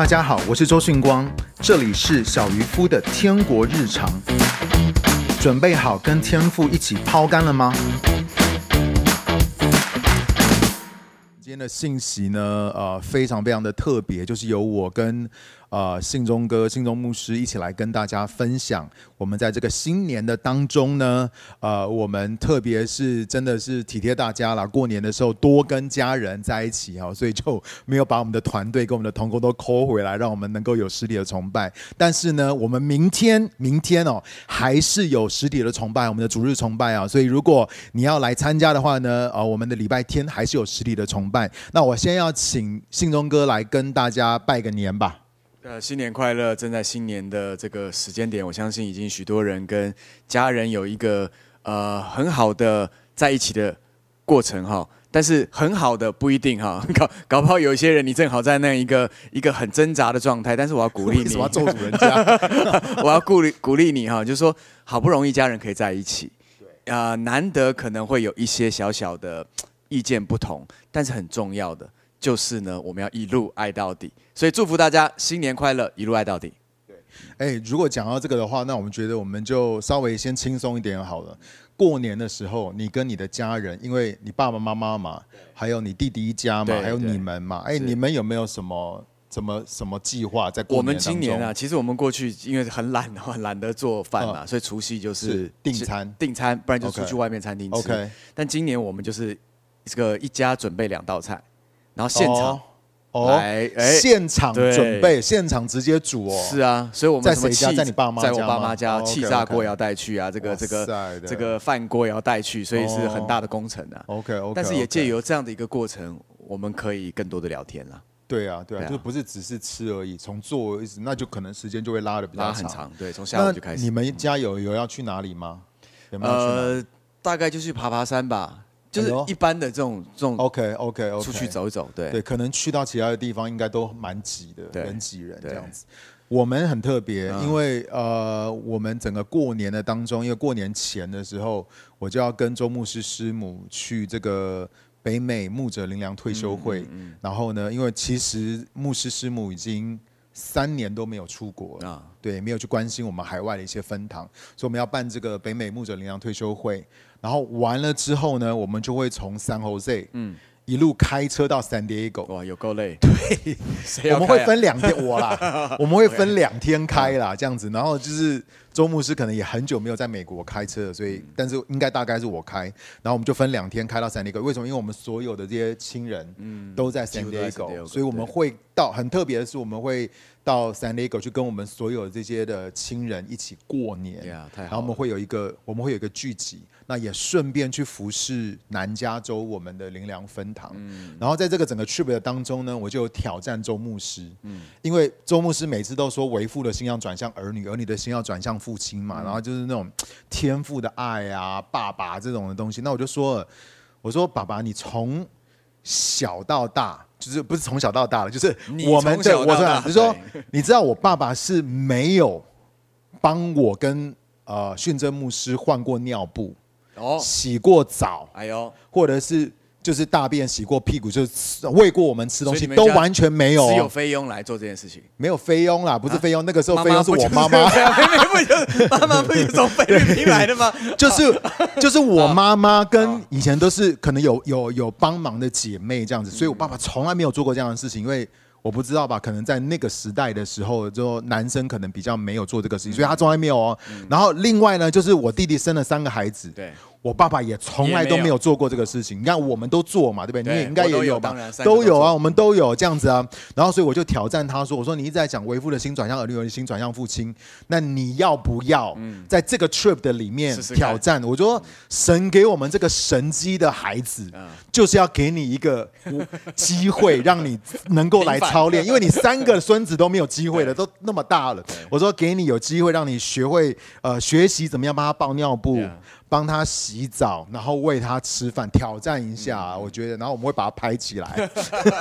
大家好，我是周迅光，這裡是小漁夫的天國日常。準備好跟天父一起拋竿了嗎？今天的信息呢，呃，非常非常的特別，就是由我跟。呃，信忠哥、信忠牧師一起來跟大家分享，我們在這個新年的當中呢，呃，我們特別是真的是體貼大家啦，過年的時候多跟家人在一起哦，所以就沒有把我們的團隊跟我們的同工都 call 回來，讓我們能夠有實體的崇拜。但是呢，我們明天明天哦，還是有實體的崇拜，我們的主日崇拜啊、哦。所以，如果你要來參加的話呢，呃，我們的禮拜天還是有實體的崇拜。那我先要請信忠哥來跟大家拜個年吧。呃，新年快樂！正在新年的這個時間點，我相信已經許多人跟家人有一個呃很好的在一起的過程哈。但是很好的不一定哈，搞搞不好有一些人你正好在那樣一個一個很掙扎的狀態。但是我要鼓勵你，我要做主人家？ 我要鼓勵鼓勵你哈，就說好不容易家人可以在一起，對，呃，難得可能會有一些小小的意見不同，但是很重要的。就是呢，我們要一路愛到底，所以祝福大家新年快樂，一路愛到底。對，哎、欸，如果講到這個的話，那我們覺得我們就稍微先輕鬆一點好了。過年的時候，你跟你的家人，因為你爸爸媽媽嘛，還有你弟弟一家嘛，對還有你們嘛，哎，你們有沒有什麼什麼什麼計劃在過年當中？我們今年啊，其實我們過去因為很懶，很懶得做飯嘛，嗯、所以除夕就是訂餐，訂餐，不然就是出去外面餐廳吃。Okay, okay. 但今年我們就是這個一家準備兩道菜。然後現場，來現場準備，現場直接煮哦。是啊，所以我們在誰家？在你爸媽家？在我爸媽家，氣炸鍋也要帶去啊，這個這個這個飯鍋也要帶去，所以是很大的工程啊。OK OK，但是也借由這樣的一個過程，我們可以更多的聊天了。對啊對啊，就是不是只是吃而已，從做而已，那就可能時間就會拉的拉很長。對，從下午就開始。你們家有有要去哪裡嗎？呃，大概就去爬爬山吧。就是一般的這種這種，OK OK OK，出去走一走，對對，可能去到其他的地方應該都蠻擠的，對很人擠人對這樣子。我們很特別，嗯、因為呃，我們整個過年的當中，因為過年前的時候，我就要跟周牧師師母去這個北美牧者靈糧退修會。嗯。嗯嗯然後呢，因為其實牧師師母已經三年都沒有出國了，嗯、對，沒有去關心我們海外的一些分堂，所以我們要辦這個北美牧者靈糧退修會。然後完了之後呢，我們就會從 San Jose 嗯一路開車到 San Diego，嗯。哇，有夠累對，我們會分兩天我啦，我們會分兩天開啦，這樣子。然後就是周牧師可能也很久沒有在美國開車了，所以但是應該大概是我開。然後我們就分兩天開到 San Diego。為什麼？因為我們所有的這些親人都在 San Diego。所以我們會到很特別的是，我們會到 San Diego 去跟我們所有的這些的親人一起過年。然後我們會有一個，我們會有一個聚集。那也順便去服侍南加州我們的靈糧分堂，嗯、然後在這個整個 trip 的當中呢，我就挑戰周牧師，嗯，因為周牧師每次都說，為父的心要轉向兒女，兒女的心要轉向父親嘛，然後就是那種天父的愛啊，爸爸這種的東西。那我就說，我說爸爸，你從小到大，就是不是從小到大了，就是我們的對 我說，說你知道我爸爸是沒有幫我跟呃巽正牧師換過尿布。哦，洗過澡，哎呦，或者是就是大便洗過屁股，就是餵過我們吃東西，都完全沒有，只有菲傭來做這件事情，沒有菲傭啦，不是菲傭，那個時候菲傭是我媽媽，不就是，媽媽不就是從菲律賓來的嗎？就是就是我媽媽跟以前都是可能有有有幫忙的姐妹這樣子，所以我爸爸從來沒有做過這樣的事情，因為我不知道吧，可能在那個時代的時候，就男生可能比較沒有做這個事情，所以他從來沒有哦。然後另外呢，就是我弟弟生了三個孩子，對。我爸爸也從來都沒有做過這個事情，你看我們都做嘛，對不對？你也應該也有吧？都有啊，我們都有這樣子啊。然後，所以我就挑戰他說：“我說你一直在講，為父的心轉向兒女，兒女的心轉向父親。那你要不要在這個 trip 的裡面挑戰？我說，神給我們這個神蹟的孩子，就是要給你一個機會，讓你能夠來操練，因為你三個孫子都沒有機會了，都那麼大了。我說，給你有機會，讓你學會呃，學習怎麼樣幫他包尿布。”幫他洗澡，然後餵他吃飯，挑戰一下，啊，嗯、我覺得，然後我們會把他拍起來，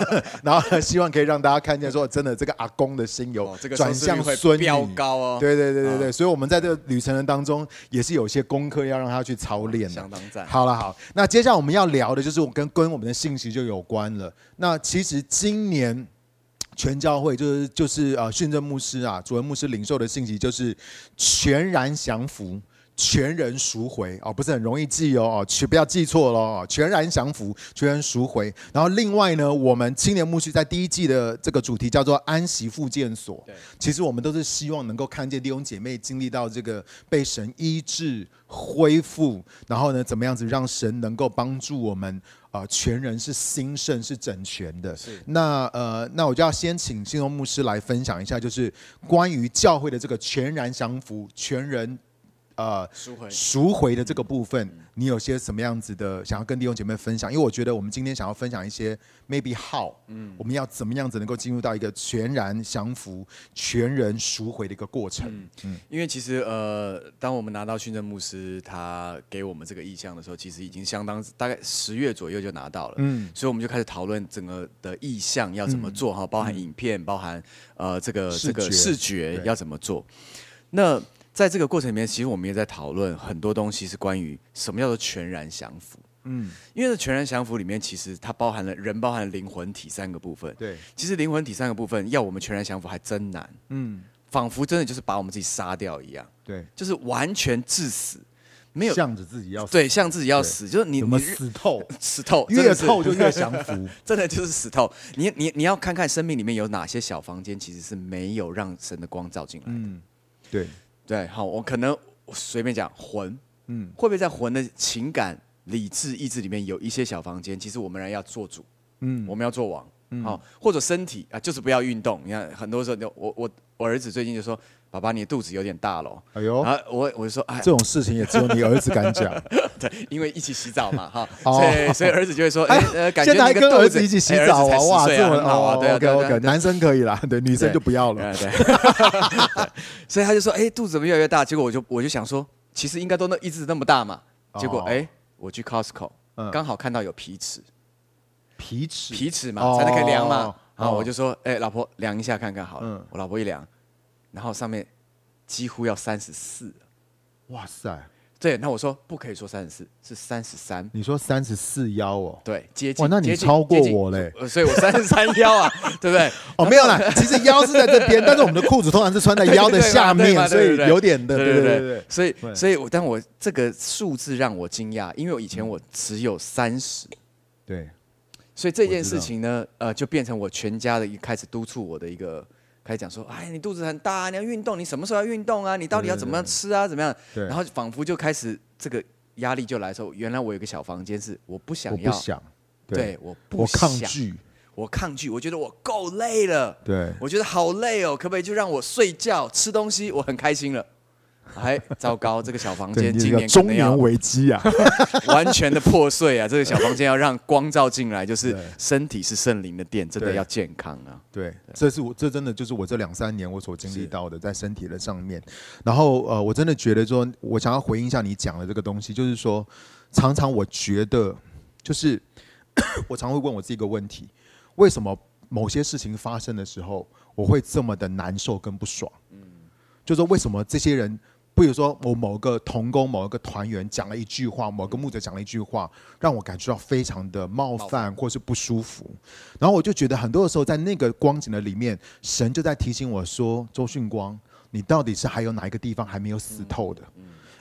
然後希望可以讓大家看見，說真的，這個阿公的心有轉向孫女，對對對對，對、嗯、所以我們在這個旅程當中也是有些功課要讓他去操練的。好了好，那接下來我們要聊的就是跟跟我們的信息就有關了。那其實今年全教會就是就是呃訓正牧師啊，主任牧師領受的信息就是全然降服。全人贖回哦，不是很容易記哦，哦全，不要記錯了哦。全然降服，全人贖回。然後另外呢，我們青年牧師在第一季的這個主題叫做“安息復健所”對。其實我們都是希望能夠看見弟兄姐妹經歷到這個被神醫治、恢復，然後呢，怎麼樣子讓神能夠幫助我們啊、呃？全人是興盛，是整全的。是。那呃，那我就要先請信榮牧師來分享一下，就是關於教會的這個全然降服、全人，呃，贖回、贖回的這個部分，你有些什麼樣子的想要跟弟兄姐妹分享？因為我覺得我們今天想要分享一些，maybe how，嗯，我們要怎麼樣子能夠進入到一個全然降服、全人贖回的一個過程？嗯，因為其實呃，當我們拿到宣政牧師他給我們這個意向的時候，其實已經相當大概十月左右就拿到了，嗯，所以我們就開始討論整個的意向要怎麼做哈，包含影片，包含呃這個這個視覺要怎麼做，那。在這個過程裡面，其實我們也在討論很多東西，是關於什麼叫做全然降服。嗯，因為這全然降服裡面，其實它包含了人、包含靈魂體三個部分。對，其實靈魂體三個部分要我們全然降服，還真難。嗯，仿佛真的就是把我們自己殺掉一樣。對，就是完全致死，沒有向着自己要死。對，向自己要死，就是你死透，死透越透就越降服，真的就是死透。你你你要看看生命裡面有哪些小房間，其實是沒有讓神的光照進來的。對。對，好，我可能隨便講魂，嗯，會不會在魂的情感、理智、意志裡面有一些小房間？其實我們人要做主，嗯，我們要做王，嗯，好、哦，或者身體啊，就是不要運動。你看，很多時候就，我我我兒子最近就說。爸爸，你肚子有點大了。哎呦！然後我我就說，哎，這種事情也只有你兒子敢講。 對，因為一起洗澡嘛，哈，所以所以兒子就會說，哎，現在還跟兒子一起洗澡哇，哇，欸啊、這麼好啊。對啊、哦 okay okay、男生可以啦，對，女生就不要了。對，對，所以他就說，哎，肚子怎麼越來越大？結果我就我就想說，其實應該都那一直那麼大嘛。結果哎、欸，我去 Costco，剛好看到有皮尺，皮尺，皮尺嘛，才能可以量嘛。然後我就說，哎，老婆量一下看看，好了。我老婆一量，然後上面幾乎要三十四，哇塞！對，那我說不可以說三十四，是三十三。你說三十四腰哦？對，接近，哇，那你超過我嘞，所以我三十三腰啊，對不對？哦，沒有啦，其實腰是在這邊，但是我們的褲子通常是穿在腰的下面，所以有點的，對不對？所以，所以我，但我這個數字讓我驚訝，因為我以前我只有三十，對，所以這件事情呢，呃，就變成我全家的一開始督促我的一個。還講說：“哎，你肚子很大啊，你要運動，你什麼時候要運動啊？你到底要怎麼樣吃啊？對對對對，怎麼樣？”然後仿佛就開始這個壓力就來，說原來我有個小房間是我不想要，我不想，對，對，我不，我抗拒，我抗拒，我覺得我夠累了，對，我覺得好累哦，可不可以就讓我睡覺、吃東西？我很開心了。 哎，糟糕！這個小房間今年終中年危機啊，完全的破碎啊！這個小房間要讓光照進來，就是身體是聖靈的殿，真的要健康啊！對，這是我這真的就是我這兩三年我所經歷到的，在身體的上面。然後呃，我真的覺得說，我想要回應一下你講的這個東西，就是說，常常我覺得，就是我常會問我自己一個問題：為什麼某些事情發生的時候，我會這麼的難受跟不爽？嗯，就是說為什麼這些人？比如說，我某個同工、某一個團員講了一句話，某個牧者講了一句話，讓我感覺到非常的冒犯或是不舒服。然後我就覺得，很多的時候在那個光景的裡面，神就在提醒我說：“周訓光，你到底是還有哪一個地方還沒有死透的？”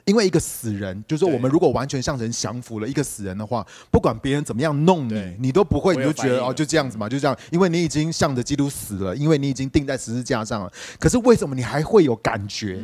因為一個死人，就是我們如果完全向神降服了一個死人的話，不管別人怎麼樣弄你，你都不會，你就覺得哦，就這樣子嘛，就這樣。因為你已經向着基督死了，因為你已經釘在十字架上了。可是為什麼你還會有感覺？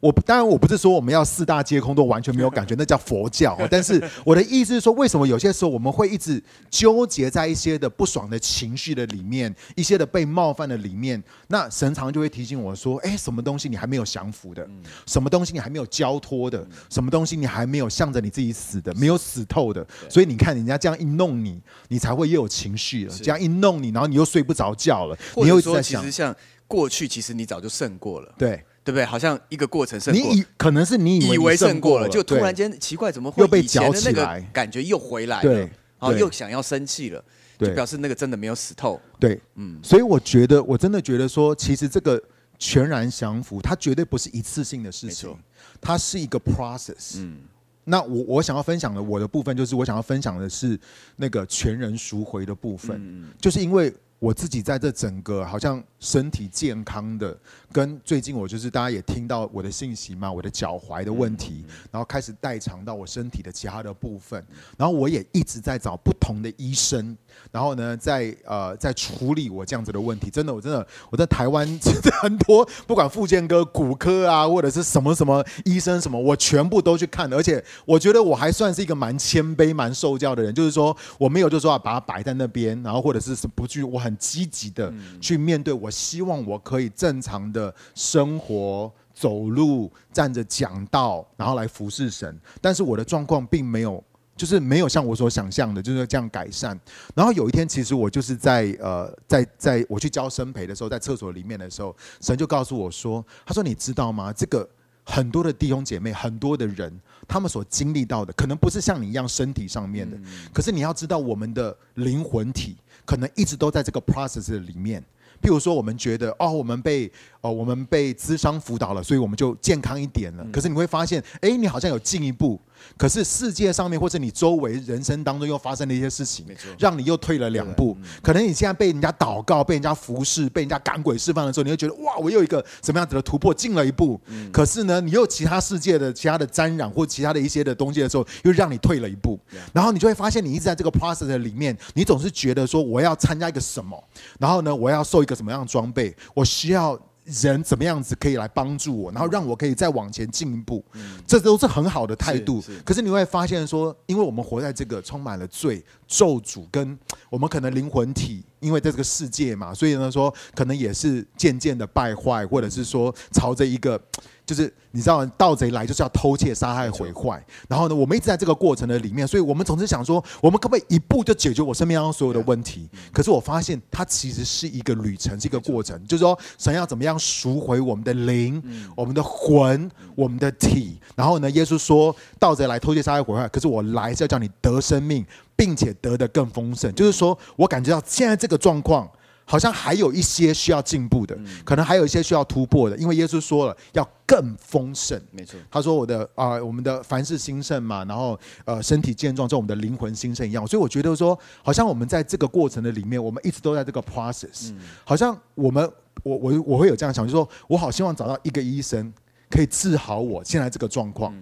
我當然我不是說我們要四大皆空都完全沒有感覺， 那叫佛教。但是我的意思是說，為什麼有些時候我們會一直糾結在一些的不爽的情緒的裡面，一些的被冒犯的裡面？那神常常就會提醒我說：“哎、欸，什麼東西你還沒有降服的？什麼東西你還沒有交托的？什麼東西你還沒有向着你自己死的，是沒有死透的？對所以你看，人家這樣一弄你，你才會又有情緒了。是這樣一弄你，然後你又睡不着覺了。或者說，你又一直在想，其實像過去，其實你早就勝過了。對。”對不對？好像一個過程是你以，可能是你，以為，你以為勝過了，就突然間對奇怪怎麼會又被攪起來？感覺又回來了，然後又，又想要生氣了，就表示那個真的沒有死透。對，對，嗯，所以我覺得我真的覺得說，其實這個全然降服，它絕對不是一次性的事情，錯它是一個 process。嗯，那我我想要分享的我的部分，就是我想要分享的是那個全人贖回的部分，嗯，就是因為。我自己在這整個好像身體健康的，跟最近我就是大家也聽到我的信息嘛，我的腳踝的問題，然後開始代償到我身體的其他的部分，然後我也一直在找不同的醫生，然後呢，在呃在處理我這樣子的問題。真的，我真的我在台灣真的很多，不管復健科、骨科啊，或者是什麼什麼醫生什麼，我全部都去看。而且我覺得我還算是一個蠻謙卑、蠻受教的人，就是說我沒有就說把它擺在那邊，然後或者是不去，我。很積極的去面對，我希望我可以正常的生活、走路、站着講道，然後來服侍神。但是我的狀況並沒有，就是沒有像我所想象的，就是這樣改善。然後有一天，其實我就是在呃，在在我去教生培的時候，在廁所裡面的時候，神就告訴我說：“他說你知道嗎？這個很多的弟兄姐妹，很多的人，他們所經歷到的，可能不是像你一樣身體上面的，可是你要知道，我們的靈魂體。”可能一直都在這個 process 裡面，譬如說我們覺得，哦，我們被，哦、呃，我們被諮商輔導了，所以我們就健康一點了。嗯、可是你會發現，誒、欸，你好像有進一步。可是世界上面或是你周圍人生當中又發生了一些事情，讓你又退了兩步。可能你現在被人家禱告、被人家服侍、被人家趕鬼釋放的時候，你會覺得哇，我又一個什麼樣子的突破，進了一步。可是呢，你又其他世界的、其他的沾染或其他的一些的東西的時候，又讓你退了一步。然後你就會發現，你一直在這個 process 裡面，你總是覺得說我要參加一個什麼，然後呢，我要受一個什麼樣的裝備，我需要。人怎麼樣子可以來幫助我，然後讓我可以再往前進一步？這都是很好的態度。可是你會發現，說因為我們活在這個充滿了罪。受主跟我們可能靈魂體，因為在這個世界嘛，所以呢，說可能也是漸漸的敗壞，或者是說朝着一個，就是你知道，道，盜賊來就是要偷竊、殺害、毀壞。然後呢，我們一直在這個過程的裡面，所以我們總是想說，我們可不可以一步就解決我生命當中所有的問題？可是我發現它其實是一個旅程，是一個過程。就是說，神要怎麼樣贖回我們的靈、我們的魂、我們的體？然後呢，耶穌說，盜賊來偷竊、殺害、毀壞，可是我來是要叫你得生命。並且得的更豐盛，就是說我感覺到現在這個狀況，好像還有一些需要進步的，可能還有一些需要突破的。因為耶穌說了要更豐盛，沒錯。他說我的啊、呃，我們的凡事興盛嘛，然後呃，身體健壯，就我們的靈魂興盛一樣。所以我覺得說，好像我們在這個過程的裡面，我們一直都在這個 process。好像我們，我我我會有這樣想，就是說我好希望找到一個醫生可以治好我現在這個狀況。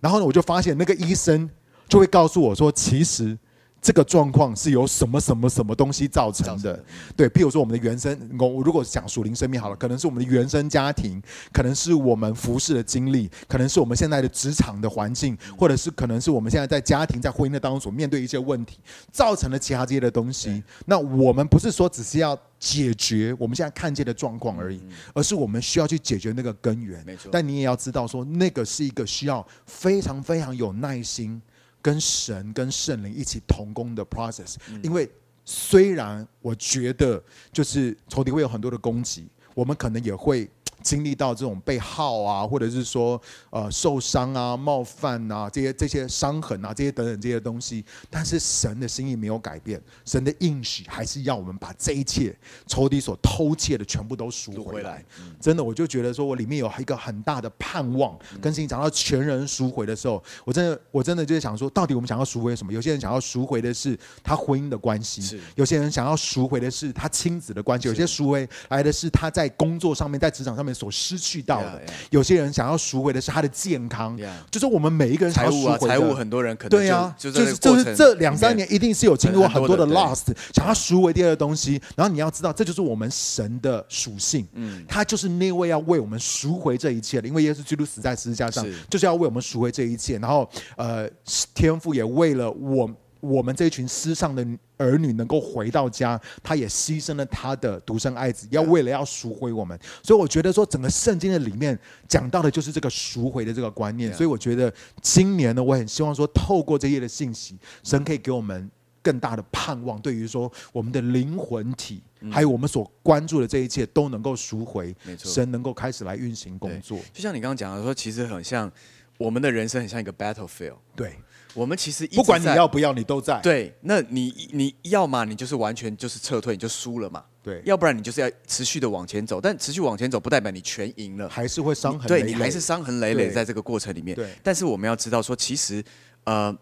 然後呢，我就發現那個醫生就會告訴我說，其實。這個狀況是由什麼什麼什麼東西造成的？對，譬如說我們的原生，我如果講屬靈生命好了，可能是我們的原生家庭，可能是我們服侍的經歷，可能是我們現在的職場的環境，或者是可能是我們現在在家庭、在婚姻的當中所面對一些問題，造成了其他這些的東西。對。那我們不是說只是要解決我們現在看見的狀況而已，而是我們需要去解決那個根源。沒錯，但你也要知道說，那個是一個需要非常非常有耐心，跟神、跟聖靈一起同工的 process，因為雖然我覺得就是仇敵會有很多的攻擊，我們可能也會。經歷到這種被耗啊，或者是說呃受傷啊、冒犯啊，這些這些傷痕啊、這些等等這些東西，但是神的心意沒有改變，神的應許還是要我們把這一切仇敵所偷竊的全部都贖回來。贖回來。真的，我就覺得說我裡面有一個很大的盼望。嗯、跟心講到全人贖回的時候，我真的我真的就是想說，到底我們想要贖回什麼？有些人想要贖回的是他婚姻的關係，是有些人想要贖回的是他親子的關係，是有些贖回來的是他在工作上面，在職場上面。所失去到的，Yeah, yeah. 有些人想要贖回的是他的健康，Yeah. 就是我們每一個人想要贖回的，財務啊、財務很多人可能對呀，啊，就，就是就是這兩三年一定是有經過很多的 lost，想要贖回第二個東西。然後你要知道，這就是我們神的屬性，嗯，他就是那位要為我們贖回這一切的。因為耶穌基督死在十字架上，是就是要為我們贖回這一切。然後呃，天父也為了我。我們這一群失喪的兒女能夠回到家，他也犧牲了他的獨生愛子，要為了要贖回我們。所以我覺得說，整個聖經的裡面講到的就是這個贖回的這個觀念。Yeah. 所以我覺得今年呢，我很希望說，透過這頁的信息，神可以給我們更大的盼望，對於說，我們的靈魂體，還有我們所關注的這一切都能夠贖回。嗯、神能夠開始來運行工作。就像你剛剛講的說，其實很像我們的人生很像一個 battlefield。對。我們其實一直在，不管你要不要，你都在。對，那你你要嘛，你就是完全就是撤退，你就輸了嘛。對，要不然你就是要持續的往前走，但持續往前走不代表你全贏了，還是會傷痕累累。對，你還是傷痕累累在這個過程裡面。對，對但是我們要知道說，其實呃，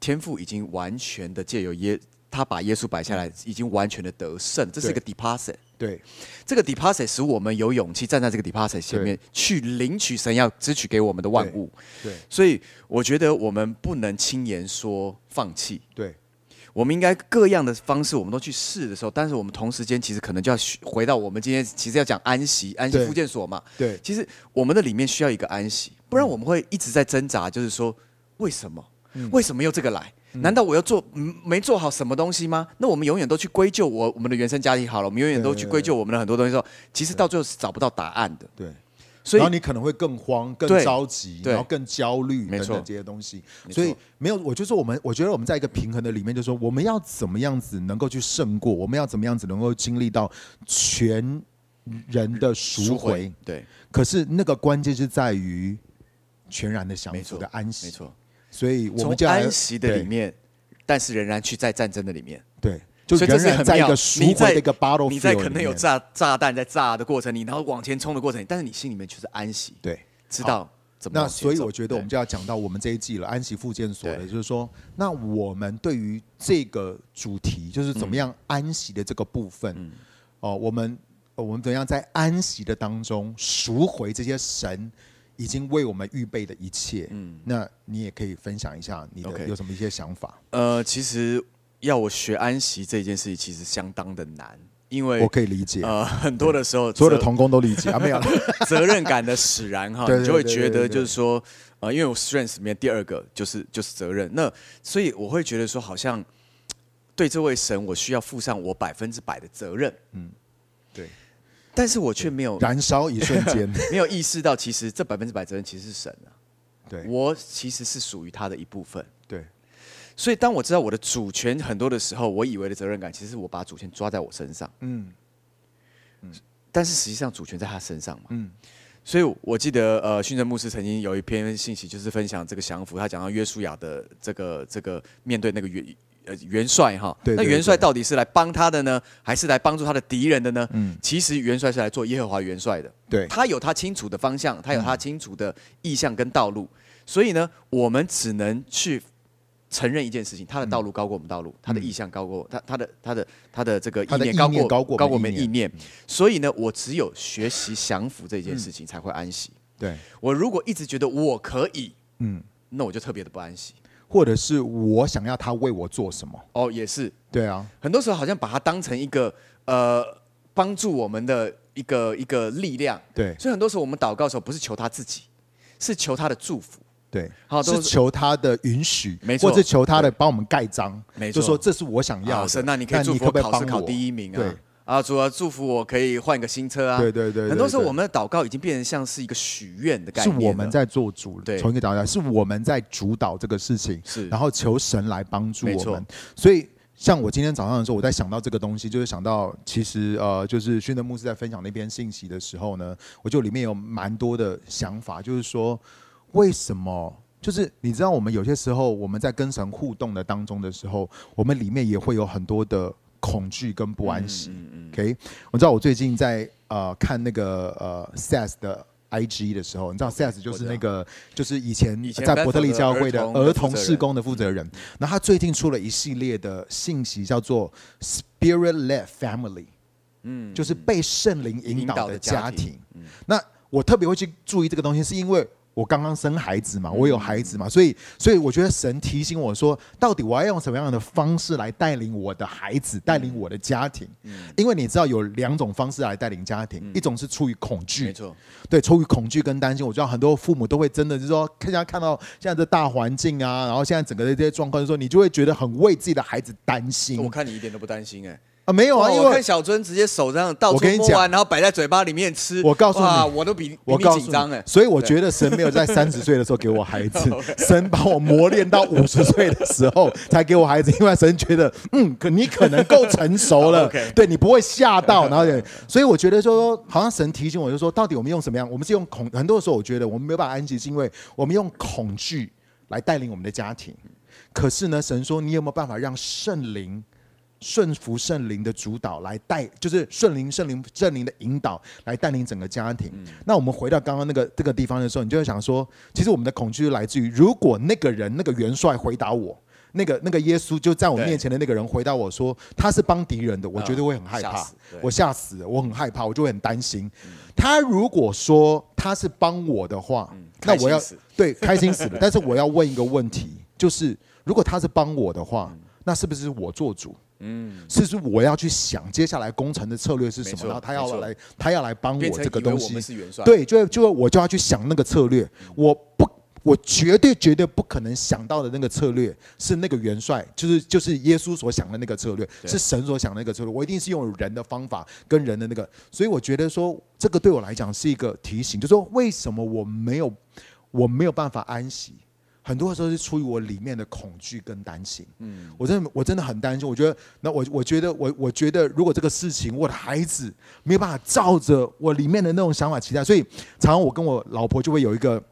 天父已經完全的借由耶。他把耶穌擺下來，已經完全的得勝。這是一個 deposit。對，這個 deposit 使我們有勇氣站在這個 deposit 前面對去領取神要支取給我們的萬物對。對，所以我覺得我們不能輕言說放棄。對，我們應該各樣的方式我們都去試的時候，但是我們同時間其實可能就要回到我們今天其實要講安息，安息復健所嘛對。對，其實我們的裡面需要一個安息，不然我們會一直在掙扎，就是說為什麼？嗯、為什麼用這個來？難道我要做沒做好什麼東西嗎？那我們永遠都去歸咎我，我們的原生家庭好了，我們永遠都去歸咎我們的很多東西，其實到最後是找不到答案的。對，所以你可能會更慌，更着急，對然後更焦慮，沒錯，這些東西。所以沒有，我就說我們，我覺得我們在一個平衡的裡面就是，就說我們要怎麼樣子能夠去勝過，我們要怎麼樣子能夠經歷到全人的贖回，回？對。可是那個關鍵是在於全然的降服的安息。沒所以，我們就安息的裡面，對但是仍然去在戰爭的裡面。對，就是仍然在一個贖回的一個 b a t 你，你在可能有炸炸彈在炸的過程你然後往前衝的過程，但是你心裡面卻是安息。對，知道怎麼、啊、那。所以我覺得我們就要講到我們這一季了，對安息復健所的就是說，對那我們對於這個主題就是怎麼樣安息的這個部分哦、嗯呃，我們我們怎樣在安息的當中贖回這些神。已經為我們預備的一切，嗯，那你也可以分享一下你有什麼一些想法？Okay, 呃，其實要我學安息這件事情，其實相當的難，因為我可以理解，呃、對很多的時候所的，所有的同工都理解 啊，沒有責任感的使然哈， 啊、你就會覺得就是說，呃，因為我 strength 裡面第二個就是就是責任，那所以我會覺得說，好像對這位神，我需要負上我百分之百的責任，嗯，對。但是我卻沒有燃燒一瞬間，沒有意識到其實這百分之百責任其實是神啊。對，我其實是屬於他的一部分。對，所以當我知道我的主權很多的時候，我以為的責任感其實是我把主權抓在我身上。嗯，但是實際上主權在他身上嘛。所以我記得呃，訓正牧師曾經有一篇信息就是分享這個降服，他講到約書亞的這個這個面對那個約。元帥哈，那元帥到底是來幫他的呢，還是來幫助他的敵人的呢？其實元帥是來做耶和華元帥的。對，他有他清楚的方向，他有他清楚的意向跟道路。所以呢，我們只能去承認一件事情：他的道路高過我們道路，他的意向高過他，他的他的他的這個意念高過高過我們意念。所以呢，我只有學習降服這件事情，才會安息。對，我如果一直覺得我可以，嗯，那我就特別的不安息。或者是我想要他為我做什麼？哦，oh, 也是。對啊，很多時候好像把他當成一個呃幫助我們的一個一個力量。對，所以很多時候我們禱告的時候不是求他自己，是求他的祝福。對，好、啊、是求他的允許，沒錯，或者是求他的幫我們蓋章。沒錯，就說這是我想要的。的、啊。那你可以，你可不可以幫我考，考第一名啊？阿、啊、主要、啊、祝福我可以換個新車啊！對對對，對對對，很多時候我們的禱告已經變成像是一個許願的概念，是我們在做主，從對一個角度來講是我們在主導這個事情，是然後求神來幫助我們。錯所以，像我今天早上的時候，我在想到這個東西，就是想到其實呃，就是宣德牧師在分享那篇信息的時候呢，我就裡面有蠻多的想法，就是說為什麼？就是你知道，我們有些時候我們在跟神互動的當中的時候，我們裡面也會有很多的。恐懼跟不安息、嗯嗯嗯、OK，我知道我最近在呃看那個呃 Sas 的 IG 的時候，你知道 Sas、okay, 就是那個就是以前在伯特利教會的兒童、的兒童事工的負責人，那、嗯、他最近出了一系列的信息，叫做 Spirit Led Family，嗯，就是被聖靈引導的家庭。家庭嗯、那我特別會去注意這個東西，是因為。我剛剛生孩子嘛，我有孩子嘛，嗯、所以所以我覺得神提醒我說，到底我要用什麼樣的方式來帶領我的孩子，嗯、帶領我的家庭？嗯、因為你知道有兩種方式來帶領家庭，嗯、一種是出於恐懼，沒錯，對，出於恐懼跟擔心。我知道很多父母都會真的就是說，看在看到現在的大環境啊，然後現在整個的這些狀況，說你就會覺得很為自己的孩子擔心。我看你一點都不擔心誒。啊，沒有啊，因為小尊直接手這樣倒，我跟你講，然後擺在嘴巴裡面吃。我告訴你，我都比我更緊張哎。所以我覺得神沒有在三十歲的時候給我孩子，神把我磨練到五十歲的時候才給我孩子，因為神覺得嗯，你可能夠成熟了，對，你不會嚇到。然後，所以我覺得說，好像神提醒我，就說到底我們用什麼樣？我們是用恐？很多時候我覺得我們沒有辦法安息，是因為我們用恐懼來帶領我們的家庭。可是呢，神說你有沒有辦法讓聖靈？順服聖靈的主導來帶，就是順靈、聖靈、聖靈的引導來帶領整個家庭。嗯、那我們回到剛剛那個這個地方的時候，你就會想說，其實我們的恐懼來自於，如果那個人、那個元帥回答我，那個、那個耶穌就在我面前的那個人回答我說他對是幫敵人的，我絕對會很害怕，啊、我嚇死了，我很害怕，我就會很擔心。他、嗯、如果說他是幫我的話，嗯、那我要對開心死了。 但是我要問一個問題，就是如果他是幫我的話，嗯、那是不是我做主？嗯，是是，我要去想接下來攻城的策略是什麼，然後他要來，他要來幫我這個東西。對，就就我就要去想那個策略。我不，我絕對絕對不可能想到的那個策略是那個元帥，就是就是耶穌所想的那個策略，是神所想的那個策略。我一定是用人的方法跟人的那個，所以我覺得說這個對我來講是一個提醒，就是說為什麼我沒有我沒有辦法安息。很多時候是出於我裡面的恐懼跟擔心，嗯，我真的我真的很擔心。我覺得，那我我覺得我我覺得，覺得如果這個事情我的孩子沒有辦法照着我裡面的那種想法期待，所以常常我跟我老婆就會有一個。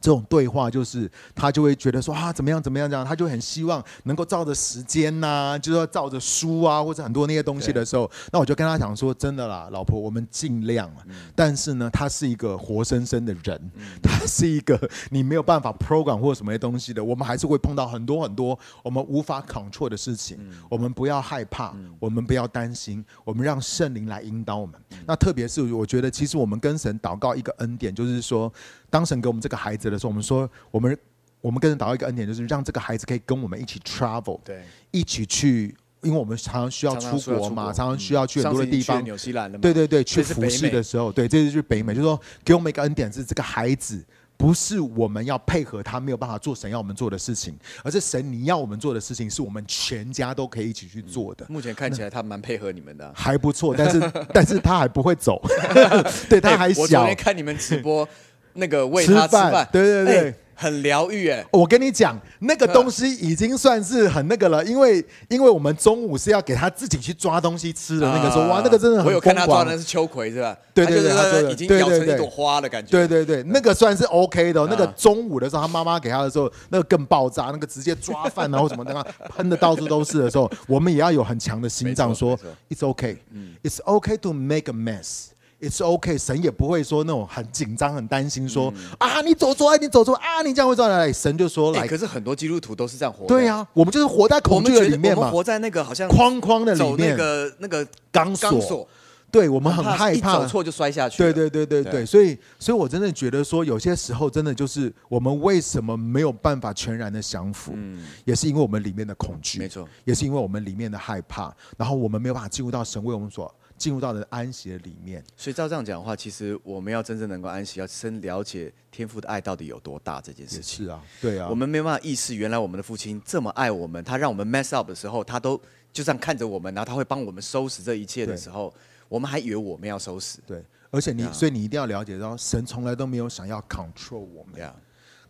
這種對話就是他就會覺得說啊怎麼樣怎麼樣這樣，他就很希望能夠照着時間吶、啊，就是說照着書啊或者很多那些東西的時候，對那我就跟他講說真的啦，老婆，我們儘量，嗯、但是呢，他是一個活生生的人，嗯、他是一個你沒有辦法 program 或什麼東西的，我們還是會碰到很多很多我們無法 control 的事情，嗯、我們不要害怕，嗯、我們不要擔心，我們讓聖靈來引導我們。嗯、那特別是我覺得，其實我們跟神禱告一個恩典，就是說。當神給我們這個孩子的時候，我們說我們我們跟神禱一個恩典，就是讓這個孩子可以跟我們一起 travel，對，一起去，因為我們常常需要出國嘛，常常，出國常常需要去很多的地方，嗯、去紐西蘭對對對，去服侍的時候，對，這就是北美，就是說給我們一個恩典是這個孩子不是我們要配合他沒有辦法做神要我們做的事情，而是神你要我們做的事情是我們全家都可以一起去做的。嗯、目前看起來他蠻配合你們的、啊，還不錯，但是 但是他還不會走， 對，他還小。我昨天看你們直播。 那個餵他吃飯，對對對，很療癒哎！我跟你講，那個東西已經算是很那個了，因為因為我們中午是要給他自己去抓東西吃的。那個時候哇，那個真的很，我有看他抓的是秋葵是吧？對對對，已經咬成一朵花的感覺。對對對，那個算是 OK 的。那個中午的時候，他媽媽給他的時候，那個更爆炸，那個直接抓飯然後什麼，那個噴的到處都是的時候，我們也要有很強的心臟，說 It's OK，It's OK to make a mess。It's OK，神也不會說那種很緊張、很擔心說，說、嗯、啊，你走錯，你走錯啊，你這樣會怎樣？神就說了、欸，可是很多基督徒都是這樣活的。對呀、啊，我們就是活在恐懼裡面嘛。我們覺得我們活在那個好像框框的裡面，走那個那個鋼索。索對，我們很害怕，一走錯就摔下去。對，對對對對對。對所以，所以我真的覺得說，有些時候真的就是我們為什麼沒有辦法全然的降服，嗯、也是因為我們裡面的恐懼，沒錯錯，也是因為我們裡面的害怕，然後我們沒有辦法進入到神為我們所。進入到了安息的裡面，所以照這樣講的話，其實我們要真正能夠安息，要深了解天父的愛到底有多大這件事情。是啊，對啊，我們沒辦法意識原來我們的父親這麼愛我們，他讓我們 mess up 的時候，他都就這樣看着我們，然後他會幫我們收拾這一切的時候，對我們還以為我們要收拾。對，而且你，Yeah. 所以你一定要了解到，神從來都沒有想要 control 我們呀。Yeah.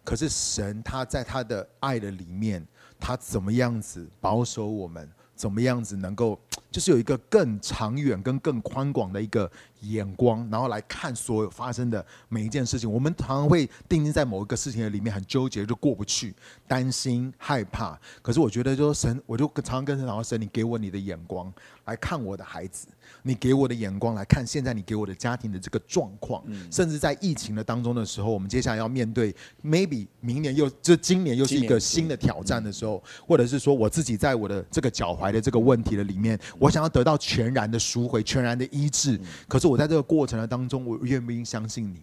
可是神他在他的愛的裡面，他怎麼樣子保守我們？怎麼樣子能夠，就是有一個更長遠、跟更寬廣的一個眼光，然後來看所有發生的每一件事情。我們常常會定睛在某一個事情的裡面很糾結，就過不去，擔心、害怕。可是我覺得，就是說神，我就常常跟神說：“神，你給我你的眼光來看我的孩子，你給我的眼光來看現在你給我的家庭的這個狀況，甚至在疫情的當中的時候，我們接下來要面對，maybe 明年又這今年又是一個新的挑戰的時候，或者是說我自己在我的這個腳踝的這個問題的裡面，我想要得到全然的贖回、全然的醫治。可是我我在這個過程的當中，我願不願意相信你？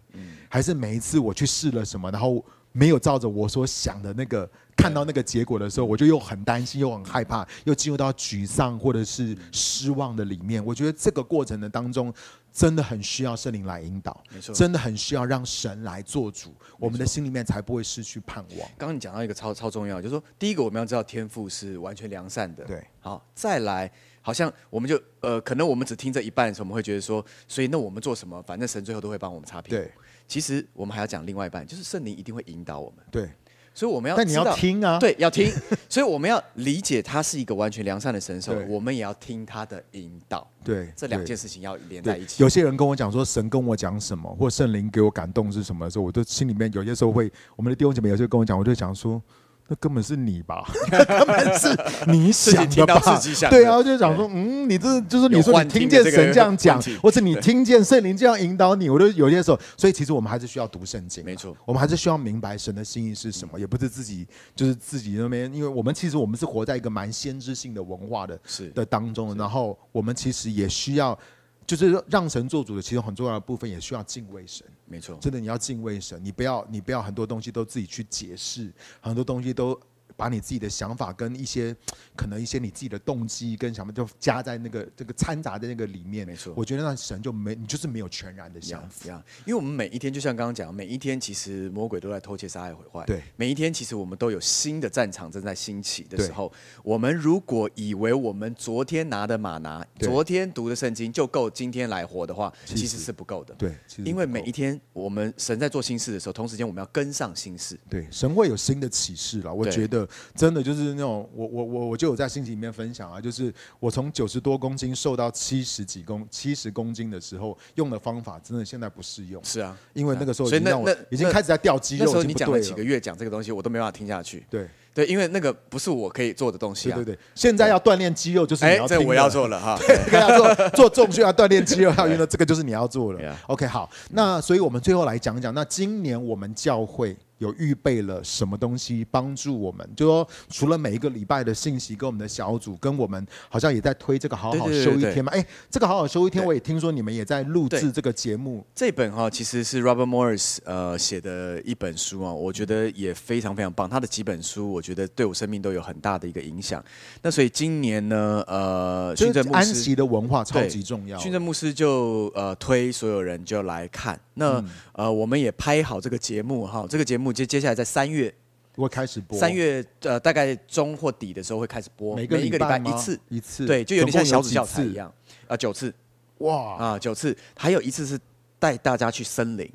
還是每一次我去試了什麼，然後沒有照着我所想的那個看到那個結果的時候，我就又很擔心，又很害怕，又進入到沮喪或者是失望的裡面。我覺得這個過程的當中，真的很需要聖靈來引導，真的很需要讓神來做主，我們的心裡面才不會失去盼望。沒錯，剛剛你講到一個超超重要，就是說，第一個我們要知道天父是完全良善的，對，好，再來。好像我們就呃，可能我們只聽這一半的時候，我們會覺得說，所以那我們做什麼？反正神最後都會幫我們擦屁股。對，其實我們還要講另外一半，就是聖靈一定會引導我們。對，所以我們要。但你要聽啊。對，要聽， 所以我們要理解他是一個完全良善的神獸。 我們也要聽他的引導。對，嗯、對這兩件事情要連在一起。有些人跟我講說，神跟我講什麼，或聖靈給我感動是什麼的時候，我都心裡面有些時候會，我們的弟兄姐妹有些跟我講，我就講說。那根本是你吧？那 根本是你想的吧？ 對啊，就是想說，嗯，對 你這就是你說你聽見神這樣講，或者你聽見聖靈這樣引導你，我都有些時候。所以其實我們還是需要讀聖經，沒錯，我們還是需要明白神的心意是什麼，也不是自己就是自己那邊。因為我們其實我們是活在一個蠻先知性的文化的，的當中，然後我們其實也需要。就是讓神做主的，其中很重要的部分也需要敬畏神。沒錯，真的你要敬畏神，你不要你不要很多東西都自己去解釋，很多東西都。把你自己的想法跟一些可能一些你自己的動機跟什麼，就加在那個這個摻雜在那個裡面。沒錯，我覺得那神就沒你就是沒有全然的想法。因為我們每一天，就像剛剛講，每一天其實魔鬼都在偷竊、殺害、毀壞。對，每一天其實我們都有新的戰場正在興起的時候。我們如果以為我們昨天拿的馬拿，昨天讀的聖經就夠今天來活的話，其實是不夠的。對，因為每一天我們神在做新事的時候，同時間我們要跟上新事。對，神會有新的啟示了。我覺得。真的就是那種，我我我我就有在心情裡面分享啊，就是我從九十多公斤瘦到七十幾公七十公斤的時候，用的方法真的現在不適用。是啊，因為那個時候已經讓我所以已經開始在掉肌肉。那時候你講了幾個月講這個東西，我都沒辦法聽下去。對對，因為那個不是我可以做的東西啊。對,對對，現在要鍛鍊肌肉就是你要、欸、這個、我要做了哈。要做做重訓要鍛鍊肌肉，欸、因為這個就是你要做了。欸、OK，好，那所以我們最後來講講，那今年我們教會。有預備了什麼東西幫助我們？就說除了每一個禮拜的信息，跟我們的小組，跟我們好像也在推這個好好休一天嘛。哎、欸，這個好好休一天，我也聽說你們也在錄製這個節目。這本哈其實是 Robert Morris 呃，寫的一本書啊，我覺得也非常非常棒。他的幾本書，我覺得對我生命都有很大的一個影響。那所以今年呢，呃，就是安息的文化超級重要。巽正牧師就呃，推所有人就來看。那、嗯、呃，我們也拍好這個節目哈，這個節目。接接下來在三月會開始播，三月呃大概中或底的時候會開始播，每一個禮拜一次，一次對，就有點像小子教材一樣，啊九次，哇啊九次，還有一次是帶大家去森林，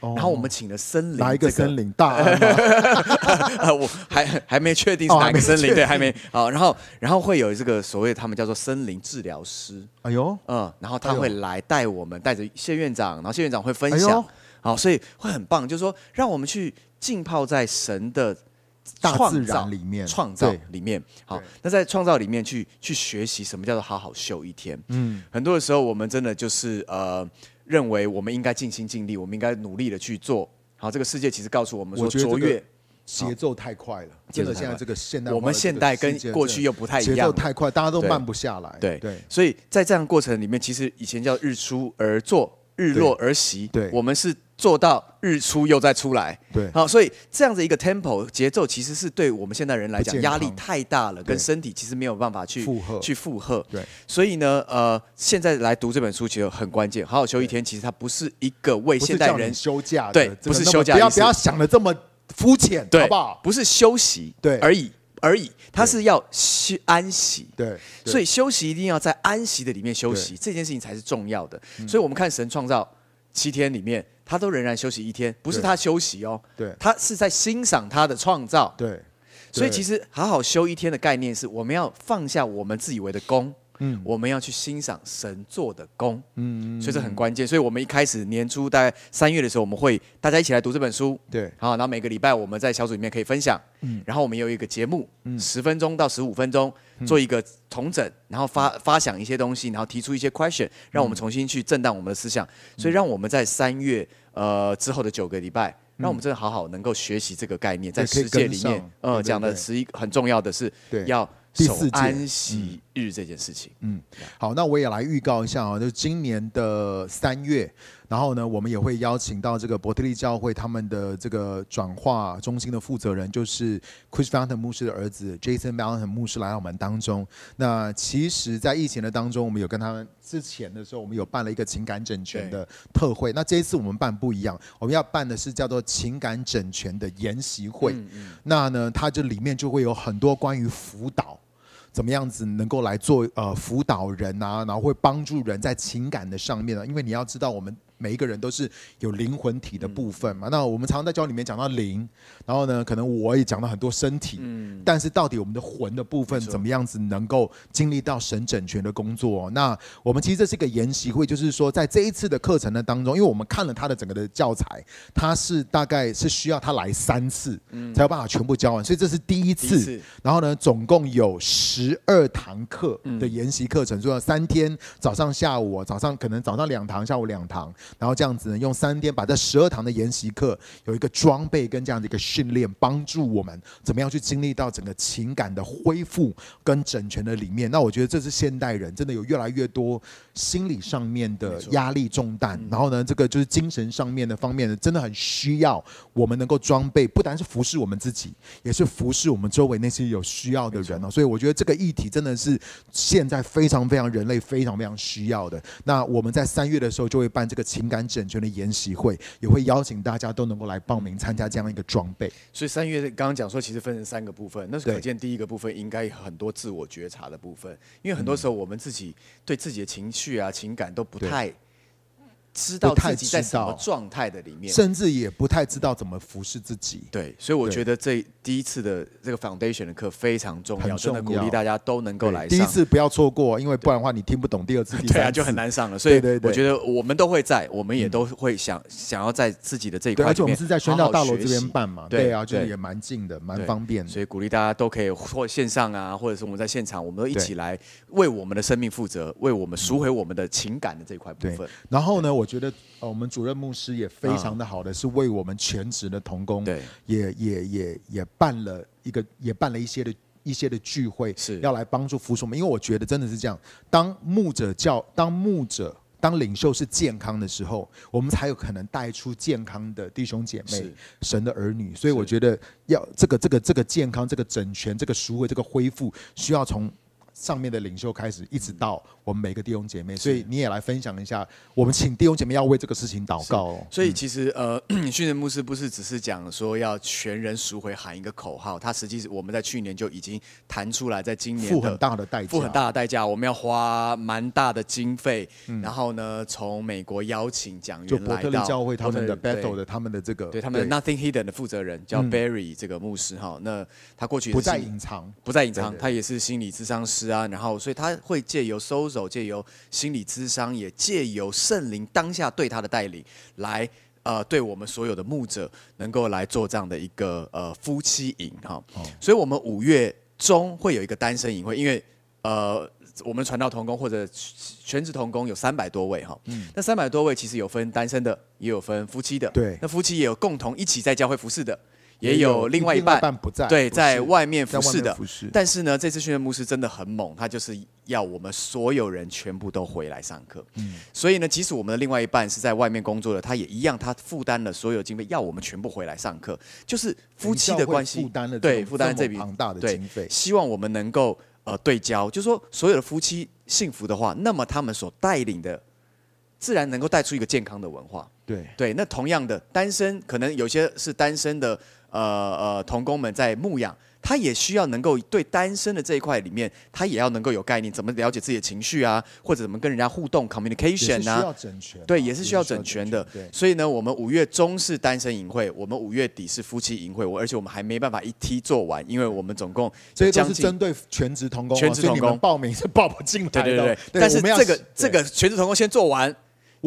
然後我們請了森林哪一個森林大？我還還沒確定是哪個森林，對，還沒好，然後然後會有這個所謂他們叫做森林治療師，哎呦，嗯，然後他會來帶我們，帶着謝院長，然後謝院長會分享。好，所以會很棒，就是說，讓我們去浸泡在神的大自然裡面，創造裡面。好，那在創造裡面去去學習什麼叫做好好休一天。嗯，很多的時候我們真的就是呃，認為我們應該盡心盡力，我們應該努力的去做。好，這個世界其實告訴我們說，卓越節奏太快了，真的現在這個現代，我們現代跟過去又不太一樣，節奏太快，大家都慢不下來。對對，所以在這樣過程裡面，其實以前叫日出而作，日落而息。對，我們是。做到日出又再出來，對，好，所以這樣子一個 tempo 節奏其實是對我們現代人來講壓力太大了，跟身體其實沒有辦法去負荷，去負荷。對，所以呢，呃，現在來讀這本書其實很關鍵，好好休一天，其實它不是一個為現代人休假的，對，不是休假，不要不要想得這麼膚淺，對，好不好？不是休息，對，而已而已，它是要休安息，對，所以休息一定要在安息的裡面休息，這件事情才是重要的。所以我們看神創造七天裡面。他都仍然休息一天，不是他休息哦，對他是在欣賞他的創造對。對，所以其實好好休一天的概念，是我們要放下我們自以為的功。嗯，我們要去欣賞神做的工。嗯，所以這很關鍵。所以，我們一開始年初大概三月的時候，我們會大家一起來讀這本書，對，好，然後每個禮拜我們在小組裡面可以分享，嗯，然後我們有一個節目，十、嗯、分鐘到十五分鐘，做一個重整，然後發發想一些東西，然後提出一些 question，讓我們重新去震盪我們的思想。所以，讓我們在三月呃之後的九個禮拜，嗯、讓我們真的好好能夠學習這個概念，對在世界裡面，嗯，講、呃、的是一很重要的是要。第四守安息日這件事情，嗯，嗯 Yeah. 好，那我也來預告一下啊、哦，就是今年的三月，然後呢，我們也會邀請到這個伯特利教會他們的這個轉化中心的負責人，就是 Chris Vallotton 牧師的兒子 Jason Vallotton 牧師來到我們當中。那其實，在疫情的當中，我們有跟他們之前的時候，我們有辦了一個情感整全的特會。對那這一次我們辦不一樣，我們要辦的是叫做情感整全的研習會。嗯嗯、那呢，它這裡面就會有很多關於輔導。怎麼樣子能夠來做呃輔導人啊，然後會幫助人在情感的上面呢？因為你要知道我們。每一個人都是有靈魂體的部分嘛。嗯、那我們常常在教裡面講到靈，然後呢，可能我也講到很多身體，嗯、但是到底我們的魂的部分怎麼樣子能夠經歷到神整全的工作？哦。沒錯。那我們其實這是一個研習會，就是說在這一次的課程呢當中，因為我們看了他的整個的教材，他是大概是需要他來三次，嗯、才有辦法全部教完，所以這是第一次。第一次。然後呢，總共有十二堂課的研習課程，嗯、說要三天，早上，下午，早上可能早上兩堂，下午兩堂。然後這樣子呢，用三天把這十二堂的研習課有一個裝備跟這樣的一個訓練，幫助我們怎麼樣去經歷到整個情感的恢復跟整全的裡面。那我覺得這是現代人真的有越來越多心理上面的壓力重擔。沒錯。然後呢，這個就是精神上面的方面真的很需要我們能夠裝備，不單是服侍我們自己，也是服侍我們周圍那些有需要的人哦。沒錯。所以我覺得這個議題真的是現在非常非常人類非常非常需要的。那我們在三月的時候就會辦這個。情感整全的研習會，也會邀請大家都能夠來報名參加這樣一個裝備。所以三月剛剛講說，其實分成三個部分，那是可見第一個部分應該很多自我覺察的部分，因為很多時候我們自己對自己的情緒啊、情感都不太。知道自己在什麼狀態的裡面，甚至也不太知道怎麼服侍自己。對，所以我覺得這對第一次的這個 foundation 的課非常重要，重要真的鼓勵大家都能夠來上。第一次不要錯過，因為不然的話你聽不懂第二次、第三次，對啊、就很難上了。所以對對對我覺得我們都會在，我們也都會想、嗯、想要在自己的這一塊。而且我們是在宣道大樓這邊辦嘛。對啊，就是也蠻近的，蠻方便的。所以鼓勵大家都可以或線上啊，或者是我們在現場，我們都一起來為我們的生命負責，為我們贖回我們的情感的這一塊部分。然後呢，我。我覺得，呃，我們主任牧師也非常的好的，是為我們全職的同工，也也也也辦了一個，也辦了一些的，一些的聚會，是要來幫助服侍我們。因為我覺得真的是這樣，當牧者教，當牧者，當領袖是健康的時候，我們才有可能帶出健康的弟兄姐妹，神的兒女。所以我覺得，要這個這個這個健康，這個整全，這個贖回，這個恢復，需要從。上面的領袖開始，一直到我們每個弟兄姐妹，嗯、所以你也來分享一下。我們請弟兄姐妹要為這個事情禱告，哦。所以其實呃、嗯，訓 練牧師不是只是講說要全人贖回，喊一個口號。他實際是我們在去年就已經談出來，在今年付很大的代價，付很大的代價。我們要花蠻大的經費，然後呢，從美國邀請講員，就伯特利教會他們的，的 battle 的他們的這個，對，他們的 nothing hidden 的負責人叫 Barry 這個牧師哈。那他過去不再隱藏，不再隱藏，他也是心理諮商師。啊，然後所以他會借由 SOZO，借由心理諮商，也借由聖靈當下對他的帶領，來呃，對我們所有的牧者能夠來做這樣的一個呃夫妻營哈。哦，所以我們五月中會有一個單身營會，因為呃，我們傳道同工或者全職同工有三百多位哈，嗯，那三百多位其實有分單身的，也有分夫妻的，對，那夫妻也有共同一起在教會服侍的。也有另外一半不在，對，在外面服侍的。但是呢，這次訓練牧師真的很猛，他就是要我們所有人全部都回來上課。所以呢，即使我們的另外一半是在外面工作的，他也一樣，他負擔了所有經費，要我們全部回來上課。就是夫妻的關係，對，負擔這筆龐大的經費，希望我們能夠呃對焦，就是說所有的夫妻幸福的話，那麼他們所帶領的自然能夠帶出一個健康的文化。對對，那同樣的單身，可能有些是單身的。呃呃，同、呃、工們在牧養，他也需要能夠對單身的這一塊裡面，他也要能夠有概念，怎麼了解自己的情緒啊，或者怎麼跟人家互動，communication 呢？Commun 啊、對，也是需要整全的。全對所以呢，我們五月中是單身營會，我們五月底是夫妻營會，我而且我們還沒辦法一梯做完，因為我們總共所以都是針對全職同工,、啊、工，全職同工報名是報不進來的。對對,對對對，對但是這個、這個、這個全職同工先做完。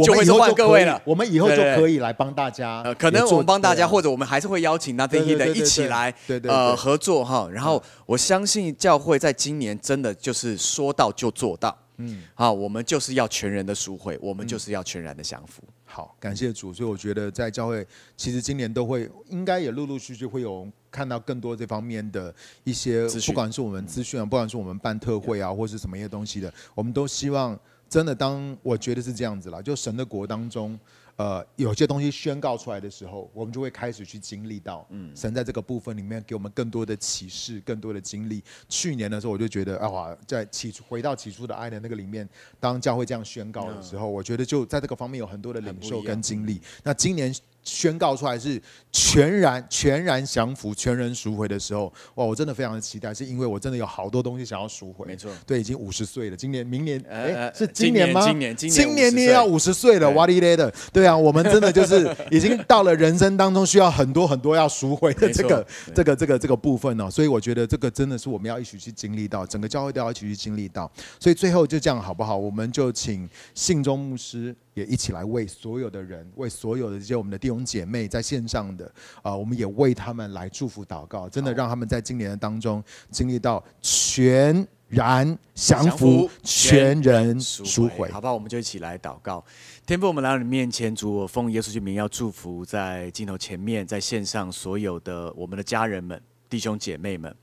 就會換各位了，我們以後就可以來幫大家。可能我們幫大家，或者我們還是會邀請那這些的一起來，呃，合作哈。然後我相信教會在今年真的就是說到就做到。嗯，好，我們就是要全人的贖回，我們就是要全然的降服。好，感謝主。所以我覺得在教會，其實今年都會應該也陸陸續續會有看到更多這方面的一些，不管是我們資訊啊，不管是我們辦特會啊，或是什麼一些東西的，我們都希望。真的，當我覺得是這樣子啦，就神的國當中，呃，有些東西宣告出來的時候，我們就會開始去經歷到，嗯，神在這個部分裡面給我們更多的啟示、更多的經歷。去年的時候，我就覺得啊，在起初回到起初的愛的那個裡面，當教會這樣宣告的時候，Yeah. 我覺得就在這個方面有很多的領受跟經歷。那今年，宣告出來是全然全然降服、全人贖回的時候，哇！我真的非常的期待，是因為我真的有好多東西想要贖回。沒錯，對，已經五十歲了，今年、明年，哎、呃，是今年嗎？今年，今年，今年你也要五十歲了對，What is that? 對啊，我們真的就是已經到了人生當中需要很多很多要贖回的這個這個這個這個部分，哦，所以我覺得這個真的是我們要一起去經歷到，整個教會都要一起去經歷到。所以最後就這樣好不好？我們就請信中牧師也一起來為所有的人，為所有的這些我們的弟兄姐妹在線上的啊、呃，我們也為他們來祝福禱告，真的讓他們在今年的當中經歷到全然降服、全人贖回。贖回，好吧，我們就一起來禱告。天父，我們來到你面前，主，我奉耶穌之名，要祝福在鏡頭前面，在線上所有的我們的家人們、弟兄姐妹們。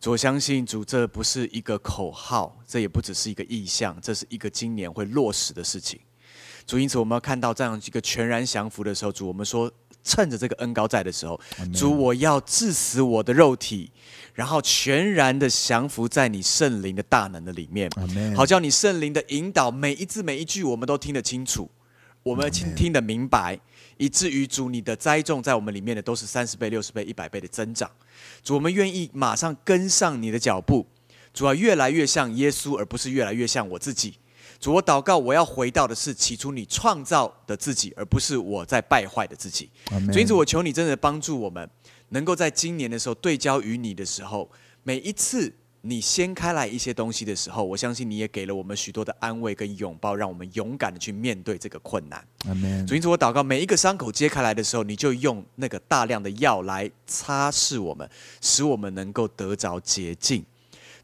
主，我相信主這不是一個口號，這也不只是一個意向，這是一個今年會落實的事情。主，因此我們要看到這樣一個全然降服的時候。主，我們說趁着這個恩膏在的時候，主，我要治死我的肉體，然後全然的降服在你聖靈的大能的裡面，好叫你聖靈的引導，每一字每一句我們都聽得清楚，我們聽聽得明白，以至於主你的栽種在我們裡面的都是三十倍、六十倍、一百倍的增長。主，我們願意馬上跟上你的腳步，主要越來越像耶穌，而不是越來越像我自己。主，我禱告，我要回到的是起初你創造的自己，而不是我在敗壞的自己。所以，主，我求你真的幫助我們，能夠在今年的時候對焦於你的時候，每一次你掀開來一些東西的時候，我相信你也給了我們許多的安慰跟擁抱，讓我們勇敢的去面對這個困難。Amen. 主，因此我禱告，每一個傷口揭開來的時候，你就用那個大量的藥來擦拭我們，使我們能夠得着潔淨。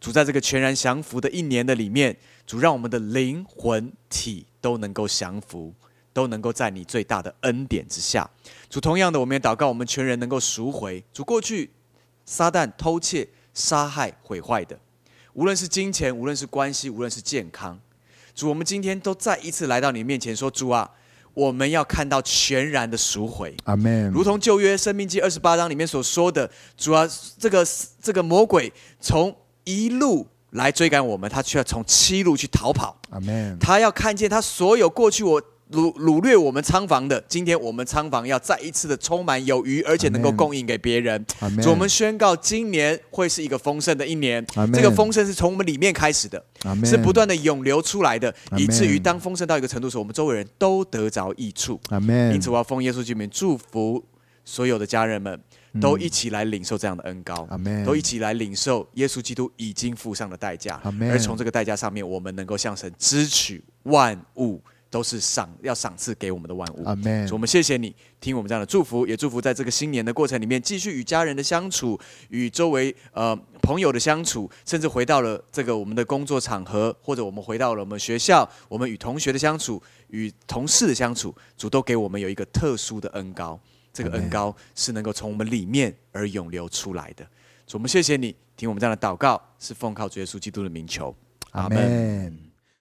主，在這個全然降服的一年的裡面。主讓我們的靈魂體都能夠降服，都能夠在你最大的恩典之下。主，同樣的，我們也禱告，我們全人能夠贖回。主，過去撒旦偷竊、殺害、毀壞的，無論是金錢，無論是關係，無論是健康。主，我們今天都再一次來到你面前，說：“主啊，我們要看到全然的贖回。”阿門。如同舊約《申命記》二十八章裡面所說的：“主啊，這個這個魔鬼從一路。”來追趕我們，他卻要從七路去逃跑。阿門 Amen。他要看見他所有過去我擄擄掠我們倉房的，今天我們倉房要再一次的充滿有餘，而且能夠供應給別人。Amen 我們宣告，今年會是一個豐盛的一年。Amen 這個豐盛是從我們裡面開始的，Amen 是不斷的湧流出來的，Amen 以至於當豐盛到一個程度時候，我們周圍人都得着益處。阿門 Amen。因此，我要奉耶穌之名祝福所有的家人們。都一起來領受這樣的恩膏，嗯、都一起來領受耶穌基督已經付上的代價，啊、而從這個代價上面，我們能夠向神支取萬物，都是賞要賞賜給我們的萬物，啊，我們謝謝你，聽我們這樣的祝福，也祝福在這個新年的過程裡面，繼續與家人的相處，與周圍呃朋友的相處，甚至回到了這個我們的工作場合，或者我們回到了我們學校，我們與同學的相處，與同事的相處，主都給我們有一個特殊的恩膏。這個恩膏是能夠從我們裡面而湧流出來的，所以我們謝謝你，聽我們這樣的禱告，是奉靠主耶穌基督的名求，阿門們。阿